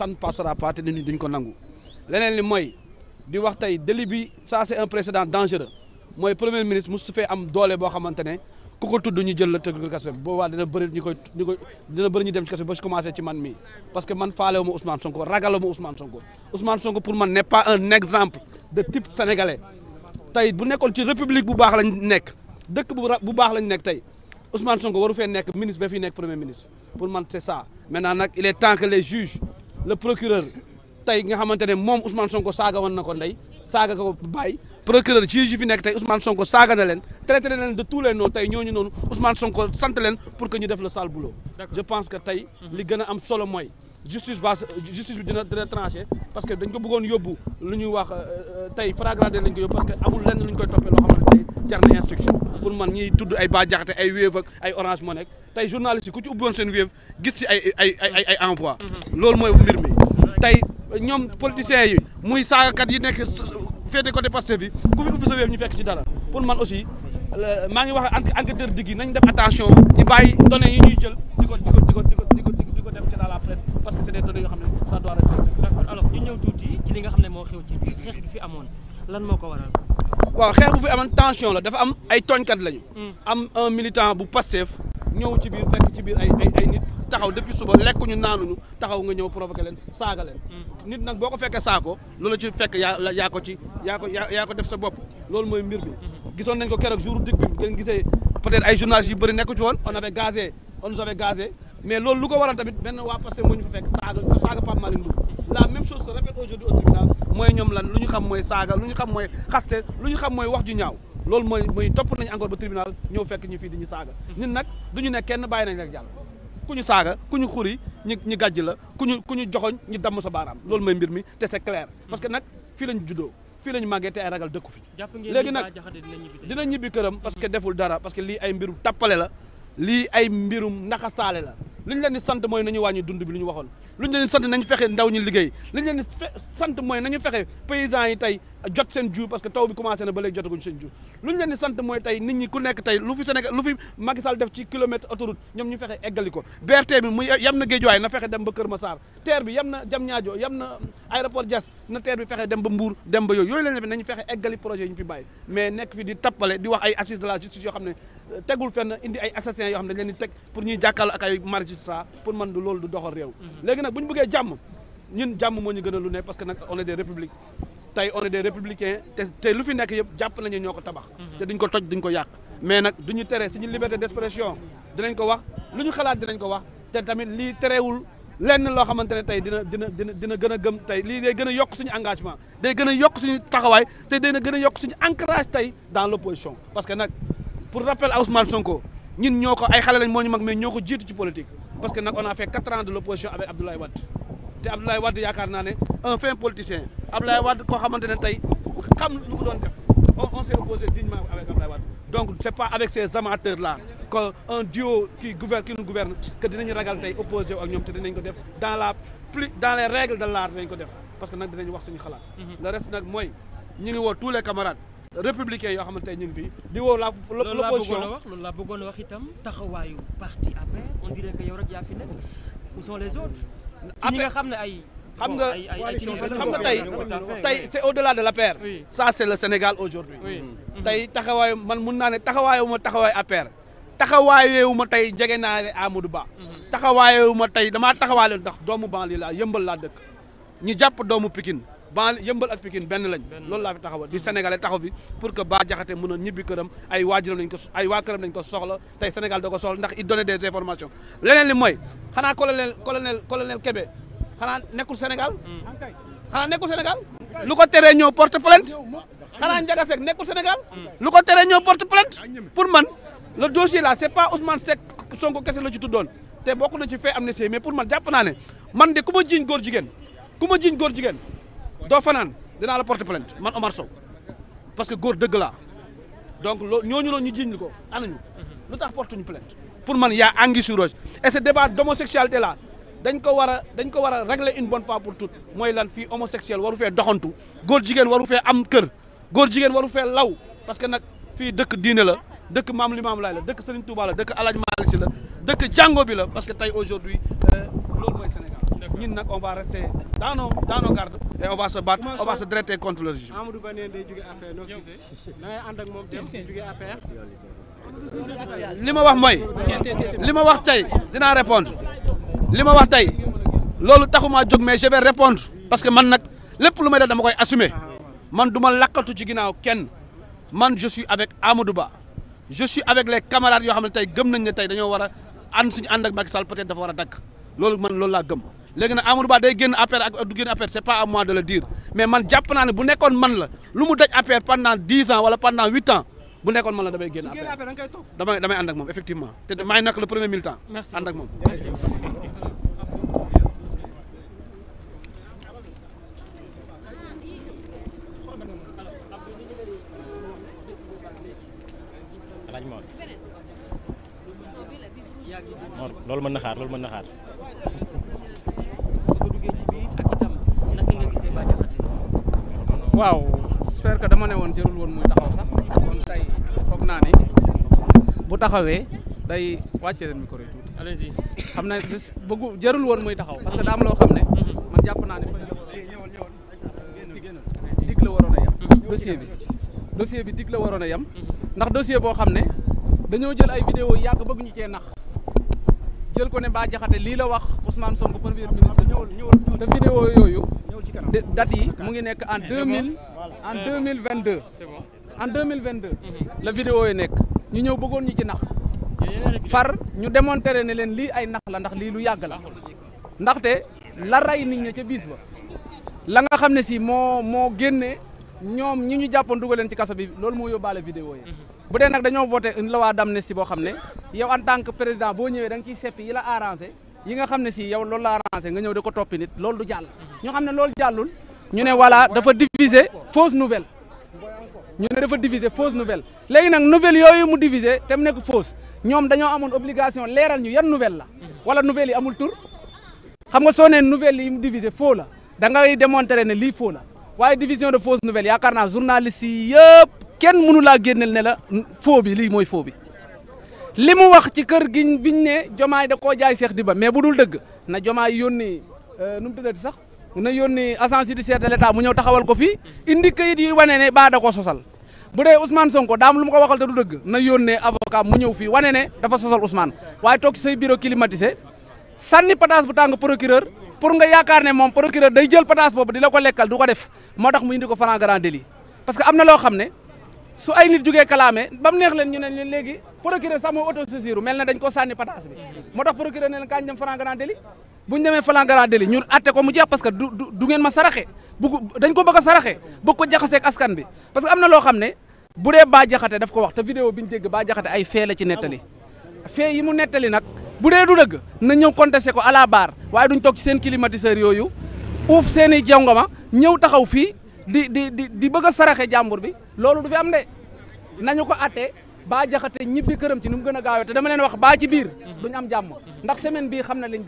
ça ne passera pas te nit ñi ko nangu leneen li mooy di wax tey délit bi ça c'est un précédent dangereux mooy premier ministre musu fee am doole boo xamante ne ku ko tudd ñu jël la tëgg kaso bi boobaa dina bëri ñu koy ñu koy bëri ñu dem ci kaso bi ba commencé ci man mii parce que man faalewu ma Ousmane Sonko ragalawu ma Ousmane Sonko Ousmane Sonko pour man n'est pas un exemple de type sénégalais tey bu nekkoon ci république bu baax lañ nekk dëkk bu bu baax lañ nekk tey Ousmane Sonko waru fee nekk ministre fi nekk premier ministre pour man c'est ça maintenant nag les juges le procureur tey nga xamante ne moom son Sonko saaga woon na ko ndey saaga ko bàyyi procureur juge yi fi nekk tey Ousmane Sonko saaga na leen traité na leen de tous les noms tey ñooñu noonu Ousmane Sonko sant leen pour que ñu def le sale boulot je pense que tey li gën a am solo mooy justice va justice bi dina dina parce que dañ ko bëggoon yóbbu lu ñuy wax euh, euh, tey flagrant délit lañ ko yóbbu parce que amul lenn lu ñu koy toppee loo xamante jar na instruction pour man ñuy tudd ay Bah Diakhaté ay Wave ak ay nekk Money tey journaliste yi ku ci ubbiwoon seen Wave gis ci ay ay envoi mhm. loolu mooy mbir mi tey ñoom politiciens yi muy saagakat yi nekk féete côté Pastef bi ku fi ubbi sa Wave ñu fekk ci dara pour man aussi maa ngi wax enquêteur digg yi nañ def attention ñu bàyyi données yi ñuy jël di ko di ko di ko di ko di ko def ci dans la presse parce que c'est ne ça doit rester ci li nga xam ne moo xew ci fi amoon lan moo ko waral waaw xeex bu fi amoon tension la dafa am ay tooñkat lañu. Hmm. am un militant bu Pastef ñëw ci biir fekk ci biir ay ay ay nit taxaw depuis suba lekkuñu naanuñu taxaw nga ñëw provoqué leen saaga leen. Hmm. nit nag boo ko fekkee saako loola fekk yaa yaa ko ci yaa ko def sa bopp loolu mooy mbir bi. Hmm. gisoon nañ ko keroog jour dëkk bi ngeen gisee peut-être ay journalistes yu bëri nekku ci woon on avait gazé on nous avait gazé mais loolu lu ko waral tamit benn waa Pastef moo fa fekk saaga saaga Pape Malick Ndour la mooy ñoom lan lu ñu xam mooy saaga lu ñu xam mooy xaste lu ñu xam mooy wax ju ñaaw loolu mooy mooy topp nañu encore ba tribunal ñëw fekk ñu fii di ñu saaga ñun nag du ñu nekk kenn bàyyi nañ rek jàll ku ñu saaga ku ñu xuri ñu ñu gàjj la ku ñu ku ñu joxoñ ñu damm sa baaraam loolu mooy mbir mi te c'est clair parce que nag fii lañ juddoo fii lañ màggee te ay ragal dëkku fi léegi nag dina ñibbi këram parce que deful dara parce que lii ay mbirum tappale la lii ay mbirum naxasaale la li leen di sant mooy nañu wàññi dund bi lu ñu waxoon lu ñu leen di sant nañu fexe ndaw ñi liggéey li leen sant mooy nañu fexe paysans yi tey jot seen jiw parce que taw bi commencé na ba léegi jotaguñ seen jiw lu ñu leen sant mooy tey nit ñi ku nekk tey lu fi Sénégal lu fi Macky Sall def ci kilomètre autoroute ñoom ñu fexe eggali ko BRT bi mu yem na Guédiawaye na fexe dem ba Kër na Diamniadio yem na aéroport Diass na TER bi fexe dem ba Mbour dem ba yooyu yooyu lañ def nañu fexe eggali projet yi ñu fi bàyyi mais nekk fi di tappale di wax ay assises de la justice yoo xam ne euh, tegul fenn indi ay assassins yoo xam ne dañ leen di teg pour ñuy mm-hmm. bu ñu bëggee jàmm ñun jàmm moo ñu gën lu ne parce que nag on tey on est des te lu fi nekk yëpp jàpp nañu ñoo ko tabax. Mhm. te duñ ko toj duñ ko yàq. mais nag duñu tere suñu liberté d'expression dinañ ko wax lu ñu xalaat dinañ ko wax te tamit lii terewul lenn loo xamante ne tey dina dina dina dina gën a gëm tey lii day gën a yokk suñu engagement day gën a yokk suñu taxawaay te dina gën a yokk suñu ancrage tey dans l'opposition parce que nag pour rappel à Sonko ñun ñoo ko ay xale lañ moo ñu mag mais ñoo ko jiitu ci politique parce que nag on te Abdoulaye Wade yaakaar naa ne un fin politicien Abdoulaye Wade koo xamante ne tey xam lu mu doon def on s'est opposé dignement avec Abdoulaye Wade donc c'est pas avec ces amateurs là que un duo qui gouverne qui nous gouverne que dinañu ragal tey opposé ak ñoom te dinañ ko def dans la plus dans les règles de l'art dinañ ko def parce que nag dinañ wax ñu xalaat mhm. le reste nag mooy ñu woo tous les camarades républicains yoo xamante ñu ngi fi di woo la loolu laa bëggoon a wax itam taxawaayu parti après ñi nga xam ne ay. xam nga xam nga tey tey c'est au-delà de l'APR ça c'est le Sénégal aujourd'hui mm-hmm. Mm-hmm. tey taxawaayu man mun naa ne taxawaayu ma taxawaayu APR taxawaayewu ma tey jege naa ne Amadou Ba mm-hmm. taxawaayewu ma tey damaa taxawaale ndax doomu banlieue laa yëmbal laa dëkk ñu jàpp doomu pikin ban yëmbal ak Pikine benn lañ loolu laa fi taxawal di sénégalais taxaw fi pour que Bah Diakhaté mën a ñibbi këram ay waajuram lañ ko ay waa këram lañ ko soxla tey Sénégal da ko soxla ndax il donne des informations leneen li mooy xanaa colonel colonel xanaa nekkul Sénégal hmm. xanaa nekkul Sénégal lu ko teree ñëw porte plainte xanaa Ndiaga Seck nekkul Sénégal hmm. lu ko teree ñëw porte plainte pour man le dossier là c'est pas Ousmane Seck Sonko kese la ci tuddoon te bokk na ci fait amnistie mais pour man jàpp naa man de ku ma jiiñ góor jigéen ku ma jiiñ góor jigéen doo fanaan dinaa la porter plainte man Omar Sow parce que góor dëgg laa donc loo ñooñu loon ñu jiiñ ko anañu lu tax porte ñu plainte pour man yaa anguille sous roche et ce débat d'homosexualité là dañ ko war a dañ ko war a régler une bonne fois pour toutes mooy lan fii homosexuel waru fee doxantu góor jigéen waru fee am kër góor jigéen waru fee law parce que nag fii dëkk diine la dëkk maam limaam laay la dëkk Serigne Touba la dëkk El Hadj Malick Sy la dëkk jàngo bi la parce que tey aujourd'hui euh, ñun nag on va rester dans nos dans nos gardes et on va se battre on va se dresser contre le régime. Amadou moom dem li ma wax mooy li ma wax tey dinaa répondre li ma wax tey loolu taxumaa jóg mais je vais répondre parce que man nag lépp lu may def dama koy assumé man du lakkatu ci ginnaaw kenn man je suis avec Amadou Ba je suis avec les camarades yoo xam ne tey gëm nañ ne tey dañoo war a ànd suñu ànd ak Macky Sall peut-être dafa war a dakk loolu man loolu laa gëm léegi na Amadou Ba day génn APR ak du pas à moi de le dire mais man jàpp bu nekkoon man la lu mu daj APR pendant dix ans wala pendant huit ans bu nekkoon man la damay génn APR damay damay ànd ak moom effectivement te maay nekk le premier militant ànd mën na xaar loolu mën na xaar waaw j'espère que dama ne woon jërul woon muy taxaw sax kon tey foog naa ne bu taxawee day wàcce leen micro tuuti. xam naa juste bëggu jërul woon muy taxaw parce loo xam ne mm-hmm. man jàpp naa ne fan la eh, euh, dig la waroon a yem mm-hmm. dossier bi dossier bi dig la waroon a yem mm-hmm. ndax dossier boo xam ne dañoo jël ay vidéo yi yàgg bëgg ñu cee nax jël ko ne Bah Diakhaté lii la wax Ousmane Sonko premier ministre te vidéo yooyu date yi mu ngi nekk en deux mille en deux mille vingt deux en deux mille vingt deux mhm. la vidéo yi nekk ñu ñëw bëggoon ñu ci nax far ñu démontrer ne leen lii ay nax la ndax lii lu yàgg la ndaxte la rey nit ña ca bis ba la nga xam ne si moo moo génne ñoom ñi ñu jàppoon dugal leen ci kaso bi loolu moo yóbbaale vidéo yi mhm. bu dee nag dañoo voté une loi si boo xam ne yow en tant que président boo ñëwee da nga ciy seppi yi la arrangé yi nga xam ne si yow loolu la arrangé nga ñëw di ko toppi nit loolu du jàll ñu xam ne loolu jàllul ñu ne voilà dafa diviser fausse nouvelle ñu ne dafa diviser fausse nouvelle léegi nag nouvelle yooyu mu diviser te mu nekk fausse ñoom dañoo amoon obligation leeral ñu yan nouvelle la wala nouvelle yi amul tur xam nga soo nee yi mu diviser faux la da ngay démontrer ne lii faux la waaye division de fausse nouvelle yaakaar naa journaliste yi yëpp kenn mënu laa génneel ne la faux bi lii mooy faux bi li mu wax ci kër gi biñ ne jomaay da koo jaay Cheikh Diba mais bu dul dëgg na jomaay yónni euh, nu mu sax na yónni agence judiciaire de l' état mu ñëw taxawal ko fii indi kayit yi wane ne baa da ko sosal bu dee Ousmane Sonko daam lu mu ko waxal te du dëgg na yónnee avocat mu ñëw fii wane ne dafa sosal Ousmane waaye toog ci biro bureau sanni sànni pataas bu tàng procureur pour nga yaakaar ne moom procureur day jël pataas boobu di la ko lekkal du ko def moo tax mu indi ko flagrant grand délit parce que am na loo xam ne su ay nit jugee kalaame ba neex leen ñu ne léegi procureur sax moo auto saisir mel na dañ ko sànni pataas bi moo tax procureur ne leen bu ñu demee flagrant délit ñun atte ko mu jeex parce que du du ngeen ma saraxe bugg dañ ko bëgg a saraxe bëgg ko jaxaseeg askan bi parce que am na loo xam ne bu dee Bah Diakhaté daf ko wax te vidéo bi ñu dégg Bah ay fee la ci nettali fee yi mu nettali nag bu dee du dëgg na ñëw contesté ko à la barre waaye duñ toog ci seen climatiseur yooyu uuf seen i jongoma ñëw taxaw fii di di di di bëgg a saraxe jàmbur bi loolu du fi am de ñu ko atte Bah Diakhaté ñibbi këram ci nu mu gën a gaawee te dama leen wax baa ci biir duñ am jàmm ndax semaine bii xam na liñ